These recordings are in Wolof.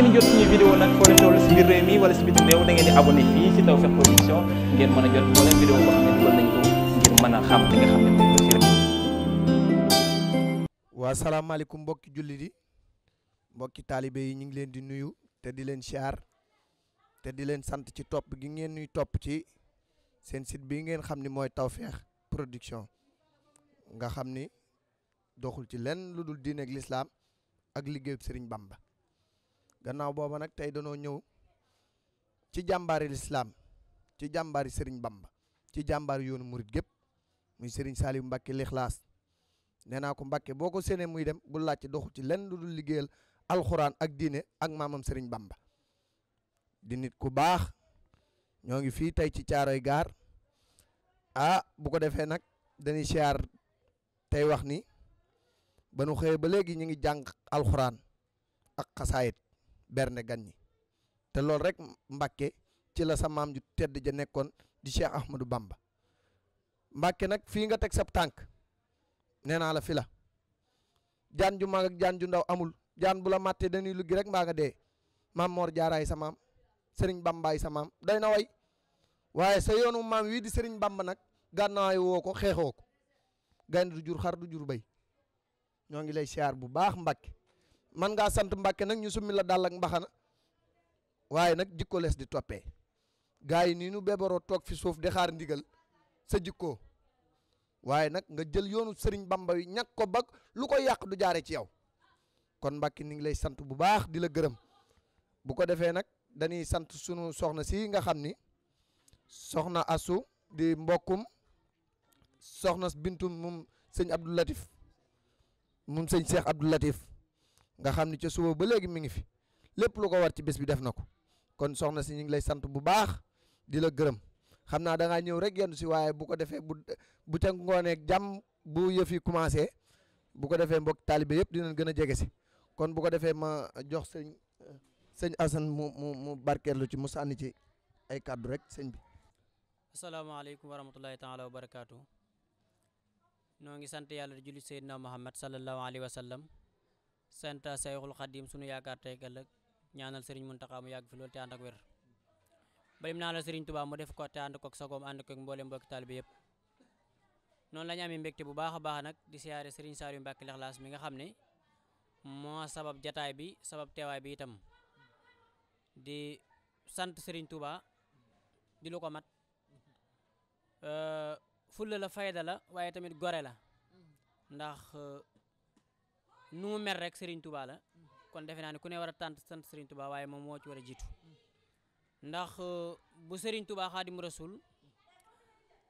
ngeen jot suñu vidéo nag di mbokki jullit yi mbokki taalibe yi ñu ngi leen di nuyu te di leen siyaar te di leen sant ci topp gi ngeen ñuy topp ci seen sit bi ngeen xam ni mooy Tawfekh Production nga xam ni doxul ci lenn lu dul diine ak lislaam ak liggéeyu Sëriñ Bamba gannaaw booba nag tey danoo ñëw ci jàmbaari lislaam ci jàmbaari Serigne Bamba ci jàmbaari yoonu murit gépp muy Serigne Saliou Mbacke lixlaas nee naa ko Mbacke boo ko séenee muy dem bu laajte doxu ci lenn lu dul liggéeyal alxuraan ak diine ak maamam sëriñ Bamba di nit ku baax ñoo ngi fii tey ci caaroy gaar ah bu ko defee nag dañuy siyaar tey wax ni ba nu xëyee ba léegi ñu ngi jàng alxuraan ak xasaayit berne gan ñi te loolu rek Mbàkke ci la sa maam ju tedd ja nekkoon di Cheikh Ahmadou Bamba Mbàkke nag fii nga teg sab tànk nee naa la fila la jaan ju mag ak jaan ju ndaw amul jaan bu la màttee dañuy luggi rek mbaa nga dee maam Moor Jaaraay sa maam Sëriñ Bambaay sa maam day na way waaye sa yoonu maam wii di Sëriñ Bamba nag gànnaay woo ko xeex ko gaynde du jur xar du jur bay ñoo ngi lay siyaar bu baax Mbàkke man ngaa sant mbàkke nag ñu summi la dàll ak mbaxana waaye nag jikko lees di toppee gars yi nii nu bébaroo toog fi suuf di xaar ndigal sa jikkoo waaye nag nga jël yoonu sëriñ bamba yi ñàkk ko bag lu ko yàq du jaare ci yow kon mbàkke ni ngi lay sant bu baax di la gërëm bu ko defee nag dañuy sant sunu soxna si nga xam ni soxna asu di mbokkum soxna bintum moom sëñ Abdou Latif moom sëñ Cheikh Abdou Latif nga xam ni ca suba ba léegi mi ngi fi lépp lu ko war ci bés bi def na ko kon soxna si ñu ngi lay sant bu baax di la gërëm xam naa da ñëw rek yenn si waaye bu ko defee bu bu ca ngooneeg jàmm bu yëf yi commencé bu ko defee mbokk taalibe yëpp dinañ gën a jege si kon bu ko defee ma jox sëñ sëñ Assane mu mu mu barkeelu ci mu sànni ci ay kàddu rek sëñ bi. asalaamaaleykum wa rahmatulahi taala wa barakaatu. noo ngi sant yàlla di julli Seydina Muhammad sallallahu alayhi wa sallam. sant Sayxul Xadim sunu yaakaar tey ëllëg ñaanal Serigne Mountakha mu yàgg fi loolu te ànd ak wér balim naa la Serigne Touba mu def ko te ànd koog sagoom ànd koog mboolem mbokki taalibe yëpp noonu la ñu amee mbégte bu baax a baax nag di siyaare Serigne Saliou Mbacké Likhlass mi nga xam ne moo sabab jataay bi sabab teewaay bi itam di sant sëriñ tubaa di lu ko mat fulla la fayda la waaye tamit gore la ndax nu mu mer rek Serigne tubaa la kon defe naa ne ku ne war a tant sant Serigne waaye moom moo ci war a jiitu ndax euh, bu Serigne Touba Xaadimu Rasul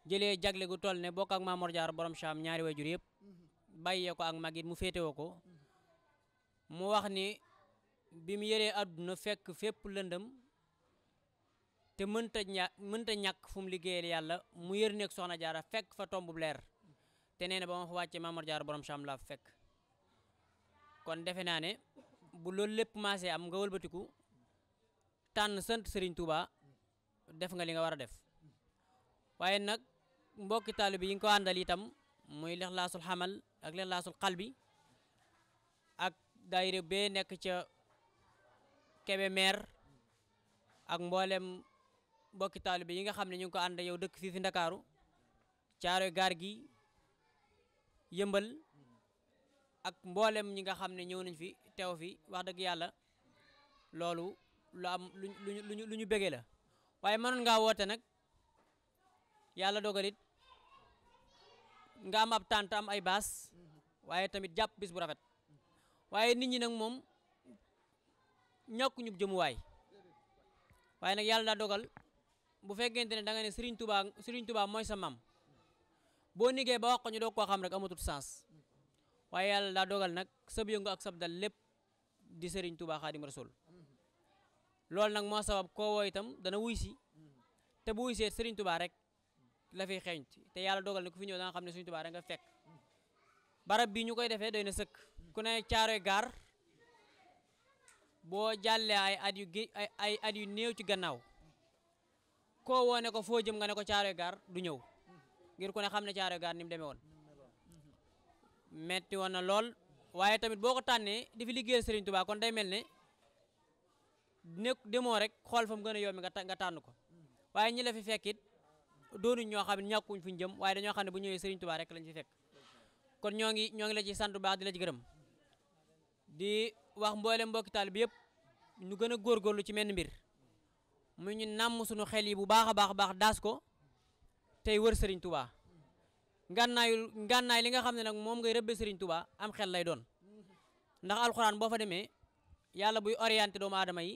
jële jagle gu toll ne bokk ak Mamor Jaar borom Cham ñaari wayjur yëpp bàyyee ko ak magit mu féetewoo ko mu wax ni bi mu yëree àdduna fekk fépp lëndëm te mënta ña mënta ñàkk fu mu liggéeyal yàlla mu yër nekk soxna jaara fekk fa bu leer te nee na ba ma fa wàccee Mamor Jaar borom Cham laa fekk kon defe naa ne bu loolu lépp maase am nga walbatiku tànn sant sëriñ Touba def nga li nga war a def waaye nag mbokki taalibe yi nga ko àndal itam muy lixlaasul xamal ak lixlaasul xalbi ak daayira bee nekk ca Kébémer ak mboolem mbokki taalibe yi nga xam ne ñu ngi ko ànd dëkk fii fi Ndakaaru Caaroy gaar gi ak mboolem ñi nga xam ne ñëw nañ fi teew fi wax dëgg yàlla loolu lu am luñu ñu bëggee la waaye mënoon ngaa woote nag yàlla dogalit nga am ab tànt am ay baas waaye tamit jàpp bis bu rafet waaye nit ñi nag moom ñàkk ñu jëmuwaay waaye nag yàlla daa dogal bu fekkente ne da nga ne Serigne tubaa Serigne Touba mooy sa maam boo nigee ba wax ko koo xam rek amatul sens waaye yàlla daa dogal nag sab yëngu ak sab dal lépp di sëriñ Touba Xaadim Rasul loolu nag moo sabab koo woo dana wuy si te bu wuy see sëriñ Touba rek la fiy xeeñ te yàlla dogal ne fi ñëw da xam ne suñu Touba rek nga fekk barab bi ñu koy defee doy na sëkk ku ne caaroy gaar boo jàllee ay at yu gé at yu néew ci gannaaw koo ne ko foo jëm nga ne ko caaroy gaar du ñëw ngir ku ne xam ne caaroy gaar ni mu demee woon metti woon na lool waaye tamit boo ko tànnee di fi liggéeyal Serigne Touba kon day mel ne nekk demoo rek xool fa mu gën a yomb nga nga tànn ko waaye ñi la fi fekkit doonuñ ñoo xam ne ñàkkuñ fuñ jëm waaye dañoo xam ne bu ñëwee Serigne Touba rek lañ fi fekk kon ñoo ngi ñoo ngi la ci sant bu baax di la ci gërëm di wax mboolem mbokki taal bi yëpp ñu gën a lu ci menn mbir mu ñu nàmm suñu xel yi bu baax a baax a baax daas ko tey wër Serigne Touba. ngànnaayul ngànnaay li nga xam ne nag moom ngay rëbbe sëriñ Tuubaa am xel lay doon ndax alxuraan boo fa demee yàlla buy orienté doomu aadama yi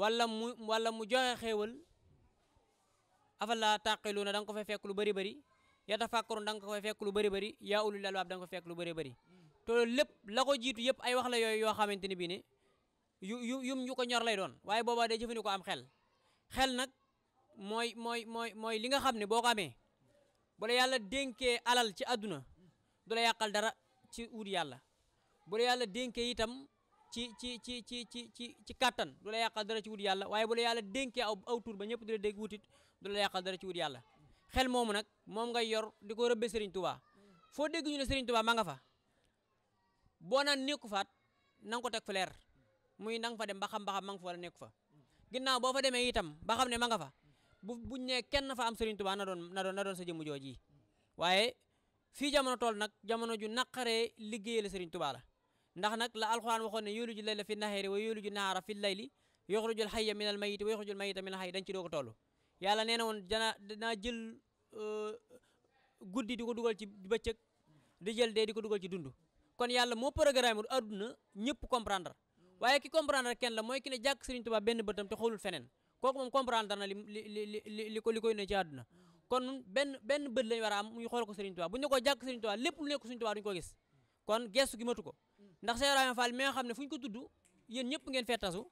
walla mu wala mu joxe xéewal afala taqiluuna da nga ko fay fekk lu bëri bëri yatafakkarun da nga ko fay fekk lu bari bari yaa ulul albaab da nga ko fek lu bëri bari te lépp la ko jiitu yëpp ay wax la yooyu yoo xamante ni bii ne yu yum ñu ko ñor lay doon waaye boobaa day jëfandikoo am xel xel nag mooy mooy mooy mooy li nga xam ne boo ko amee bu la yàlla dénkee alal ci àdduna du la yàqal dara ci wut yàlla bu la yàlla dénkee itam ci ci ci ci ci ci ci kàttan du la yàqal dara ci wut yàlla waaye bu la yàlla dénkee aw aw tur ba ñëpp du la dégg wutit du la yàqal dara ci wut yàlla xel moomu nag moom ngay yor di ko rëbbee Serigne Touba foo dégg ñu ne Serigne Touba ma nga fa boo naan nekku faat na ko teg fa muy na nga fa dem ba xam ba ma nga fa wala nekku fa itam ba xam ne ma nga fa bu buñ ne kenn fa am Serigne Touba na doon na doon na doon sa jëmm jooji waaye fi jamono tool nag jamono ju naqaree liggéeyal Serigne Touba la ndax nag la alxuraan waxoon ne yuuliju layla fi nahaari wa yuuliju nahaara fi layli yuxrijul xayya min al mayiti wa yuxrijul mayita min al xayyi dañ ci doo ko toll yàlla nee na woon dana danaa jël euh, guddi di ko dugal ci bëccëg di jël dee di ko dugal ci dund kon yàlla moo programme adduna ñëpp comprendre waaye ki comprendre kenn la mooy ki ne jàkk Serigne Touba benn bëtam te feneen kooku moom comprendre na li li li li ko li koy ne ci àdduna kon benn benn bët war am ñu xool ko Serigne Touba bu ñu ko jàkk Serigne Touba lépp lu nekk Serigne Touba duñu ko gis kon gestu gi matu ko ndax Cheikh Ibrahima Fall mi nga xam ne fu ñu ko tudd yéen ñëpp ngeen fettasu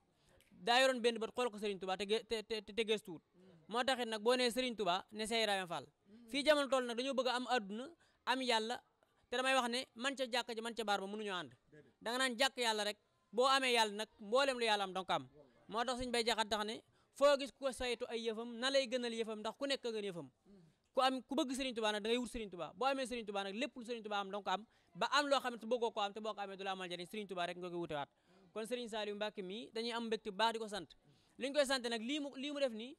daa yoroon benn bët xool ko Serigne Touba te te te gestuwut moo taxit nag boo ne Serigne Touba ne Cheikh Ibrahima Fall fii jamono toll nag dañoo bëgg a am àdduna am yàlla te damay wax ne man ca jàkk ji man ca baar ba mënuñoo ànd da nga naan jàkk yàlla rek boo amee yàlla nag mboolem lu yàlla am donc am foo gis ku ko saytu ay yëfam na lay gënal yëfam ndax ku nekk gën yëfam ku am ku bëgg Serigne Touba nag da ngay wut Serigne Touba boo amee Serigne Touba nag lépp lu Serigne Touba am da nga ko am ba am loo xam ne bëggoo ko am te boo ko amee du amal jëriñ Serigne Touba rek nga koy wutewaat kon Serigne Saliou Mbacké mii dañuy am mbégte bu baax di sant li lii mu lii mu def nii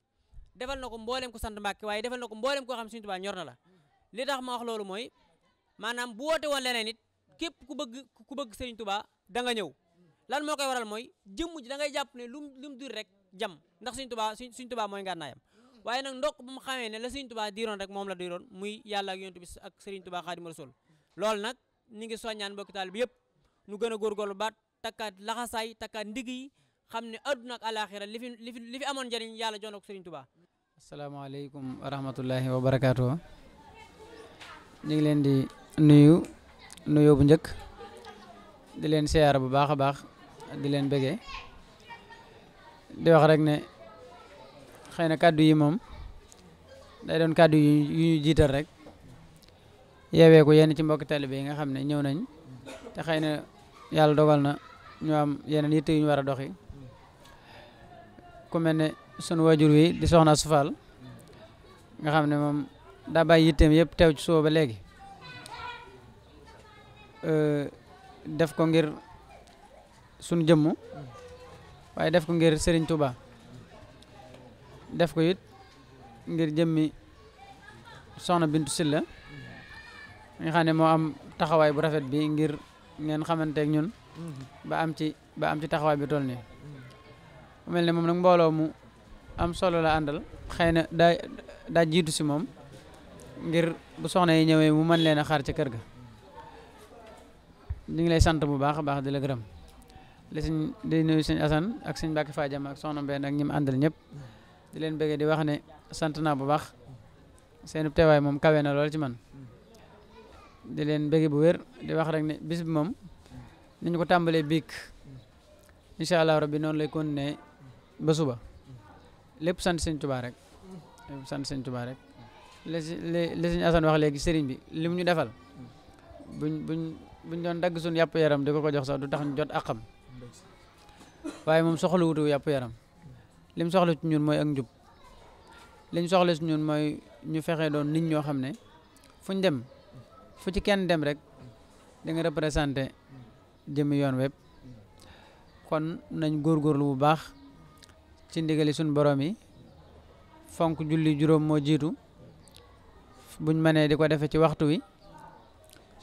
defal na ko mbooleem ko sant Mbacké waaye defal na ko mbooleem koo xam Serigne Touba ñor na la li tax ma wax loolu mooy maanaam bu woote woon leneen it képp ku bëgg ku bëgg Serigne Touba da nga ñëw lan moo koy waral mooy jëmm ji da ngay jàpp ne lum lum dur jam ndax suñ tubaa suñ suñ tubaa mooy ngànnaayam waaye nag ndox bu mu xamee ne la suñ tubaa diiroon rek moom la diiroon muy yàlla ak yonent bi ak sëriñ tubaa xaadimu rasul loolu nag ni ngi soññaan mbokki taal bi yëpp nu gën a góorgóorlu baat takkaat laxasaay takkaat ndig yi xam ne àdduna ak alaaxira li fi amoon njëriñ yàlla jox na ko sëriñ tubaa asalaamaaleykum wa rahmatullahi ngi leen di nuyu nuyoo bu njëkk di leen siyaar bu baax a baax di leen bëggee di wax rek ne xëy na kàddu yi moom day doon kàddu yu ñu jiital rek yeewee ko yenn ci mbokk taalibe yi nga xam ne ñëw nañ te xëy na yàlla dogal na ñu am yeneen yitte yi ñu war a doxi ku mel ne sunu waajur wi di soxna Sufaal nga xam ne moom daa bàyyi yitteem yëpp tew ci suba ba léegi def ko ngir sunu jëmm waaye def ko ngir sëriñ Touba def ko it ngir jëmmi soxna Bintu Silla nga xam ne moo am taxawaay bu rafet bi ngir ngeen xamanteek ñun ba am ci ba ci taxawaay bi toll nii mu mel ne moom nag mbooloo mu am solo la àndal xëy na daa daa jiitu si moom ngir bu soxna yi ñëwee mu mën leen a xaar ci kër ga ñu ngi lay sant bu baax a baax di la gërëm li sëñ di nuyu sëñ Assane ak sëñ Mbacke Fadiama ak soxna Mbène nag ñi mu àndal ñëpp di leen bëggee di wax ne sant naa bu baax seen teewaay moom kawe na lool ci man di leen bëggee bu wér di wax rek ne bis bi moom ni ñu ko tàmbalee biig incha allah rabbi noonu lay ne ba suba lépp sant sëñ Tuubaa rek lépp sant sëñ Tuubaa rek li li sëñ Assane wax léegi sëriñ bi lim ñu defal buñ buñ buñ doon dagg suñu yàpp yaram di ko ko jox sax du tax ñu jot àqam. waaye moom soxla wutu yàpp yaram lim soxla ci ñun mooy ak njub liñ soxla ci ñun mooy ñu fexe doon nit ñoo xam ne fuñ dem fu ci kenn dem rek di nga représenté jëmi yoon web kon nañ góorgóorlu bu baax ci ndigali suñ boroom yi fonk julli juróom moo jiitu buñ mënee di ko defe ci waxtu wi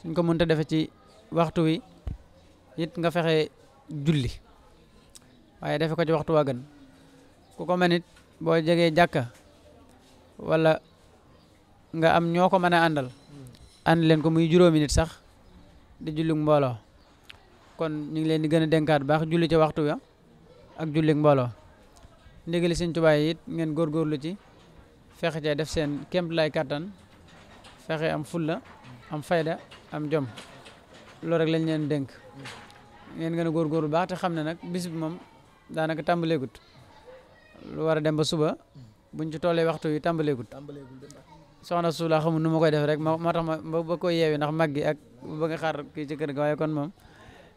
suñ ko mënta defe ci waxtu wi it nga fexe julli waaye defe ko ci waxtu waa gën ku ko mën it boo jegee jàkka wala nga am ñoo ko mën a àndal ànd leen ko muy juróomi nit sax di jullig mbooloo kon ñu ngi leen di gën a dénkaat baax julli ca waxtu ya ak jullig mbooloo ndigali Sëñ Tuubaa yi it ngeen góorgóorlu ci fexe cee def seen kémt lay kàttan fexe am fulla am fayda am jom loolu rek lañ leen dénk ngeen gën a góorgóorlu baax te xam ne nag bis bi moom daanaka tàmbaleegut lu war a dem ba suba buñ ci tollee waxtu tàmbaleekut tàmbaleegut soxna su la xamul nu ma koy def rek moo tax ma ba koy yeewi ndax mag gi ak ba nga xaar kii ci kër ga kon moom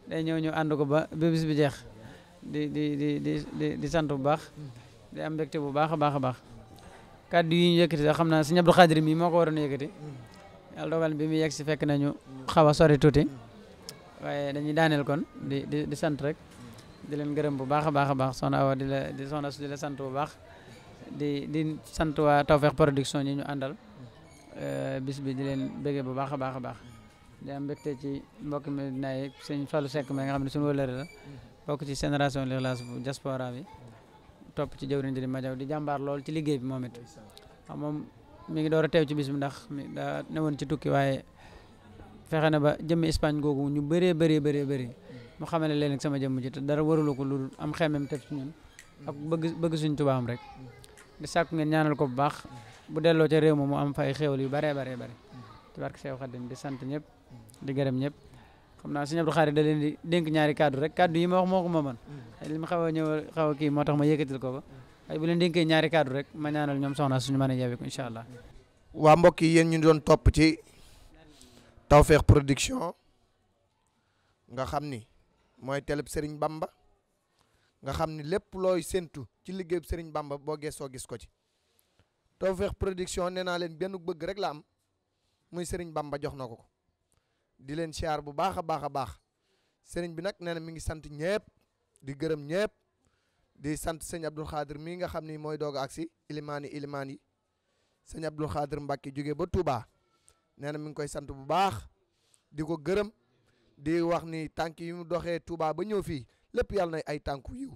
day ñëw ñu ànd ko ba ba bis bi jeex di di di di di sant bu baax di am mbégte bu baax a baax a baax kàddu yi ñu yëkkati sax xam naa sëñ Abdou Khadir mii moo ko waroon yëkkati mm. yàlla dogal bi mu yegg si fekk nañu xawa a tuuti waaye dañuy daaneel kon di di di sant rek di leen gërëm bu baax a baax a baax soxna Awa di la di soxna su di la sant bu baax di di sant waa Tawfekh Production ñi ñu àndal euh, bis bi di leen bëggee bu baax a baax a baax di am mbégte ci mbokk mi dinaay sëñ Fallou Seck ma nga xam ne suñu wëllëre la bokk ci génération Lixlaas bu diaspora bi topp ci jëwriñ ji di Majaw di jàmbaar lool ci liggéey bi moom it moom mi ngi door a teew ci bis bi ndax mi daa ci tukki fexe na ba jëmm Espagne googu ñu bëree bëree bëree bëri mu xamale leen ak sama jëmm ji te dara warula ko lu am xemem tef ci ñun ak bëgg bëgg suñ tubaam rek di sàkku ngeen ñaanal ko bu baax bu delloo ca réew ma mu am fay xéewal yu baree baree bëri ci barke Seex Xaadim di sant ñëpp di gërëm ñëpp xam naa sëñ Abdou Khadre da leen di dénk ñaari kaddu rek kaddu yi ma wax moo ko ma man li ma xaw a ñëw xaw kii moo tax ma yëkkatil ko ko waaye bu leen dénkee ñaari kaddu rek ma ñaanal ñoom soxna suñu mën a yeeweeku incha Tawfekh production nga xam ni mooy teleb Serigne Bamba nga xam ni lépp looy séntu ci liggéeyub Serigne Bamba boo geesoo gis ko ci Tawfekh production nee naa leen benn bëgg rek la am muy Serigne Bamba jox na ko ko di leen siyaar bu baax a baax a baax Serigne bi nag nee na mi ngi sant ñëpp di gërëm ñëpp di sant sëñ Abdou Khadir mii nga xam ni mooy doog ak si ilimaan yi ilimaan yi sëñ Abdou Khadir jóge ba Touba. nee na mi ngi koy sant bu baax di ko gërëm di wax ni tànk yi mu doxee Touba ba ñëw fii lépp yàlla na ay tànku yiw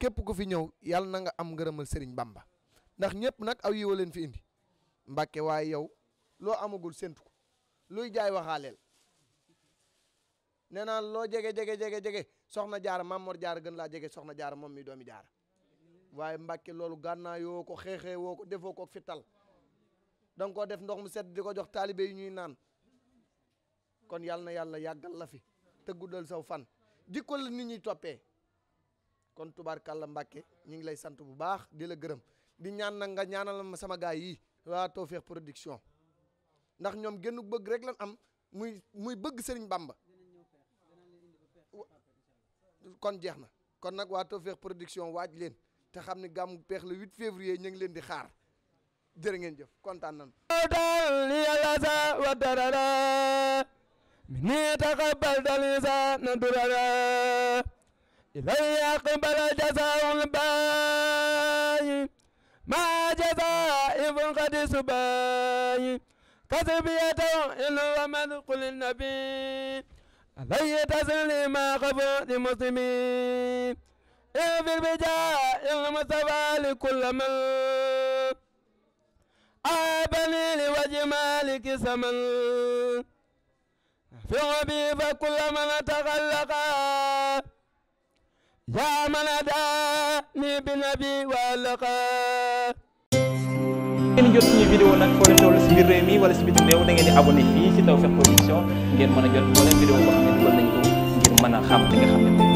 képp ku fi ñëw yàlla na nga am ngërëmal sëriñ Bamba ndax ñëpp nag aw yiwa fi indi Mbàkke waaye yow loo amagul séntu ko luy jaay waxaaleel nee naa loo jege jege jege jege soxna jaara Mamor jaar gën laa jege soxna jaar moom mi doomi jaara waaye Mbàkke loolu gànnaayoo ko xeexee woo ko defoo ko fital danga koo def ndox mu sedd di ko jox taalibe yi ñuy naan kon yàlla na yàlla yàggal la fi te guddal saw fan jikko la nit ñuy toppee kon tubaar tubaarkàlla Mbàkke ñu ngi lay sant bu baax di la gërëm di ñaan nag nga ñaanal ma sama gaay yi waa feex Production ndax ñoom génn bëgg rek lan am muy muy bëgg Sëriñ Bamba kon jeex na kon nag waa Tawfekh Production waaj leen te xam ne gàmmu peex la 8 février ñu ngi leen di xaar jërë ngeen jëf kontaan nañu مني تقبل دليسا ندرنا إلي أقبل جزاء الباي ما جزاء ابن قد سباي كسبيته إن ومن قل النبي علي تسليما قبر المسلمين اغفر بجاه المصطفى لكل من ذلك سمن في عبي فكل من تغلقا يا من أداني بنبي وألقا ngeen jot suñu vidéo nag foo leen toll si biir réew mi wala si bitim réew da ngeen di abonné fii si Tawfekh Production ngeen mën a jot moo leen vidéo boo xam ne dugal nañ ko ngir mën a xam li nga xam ne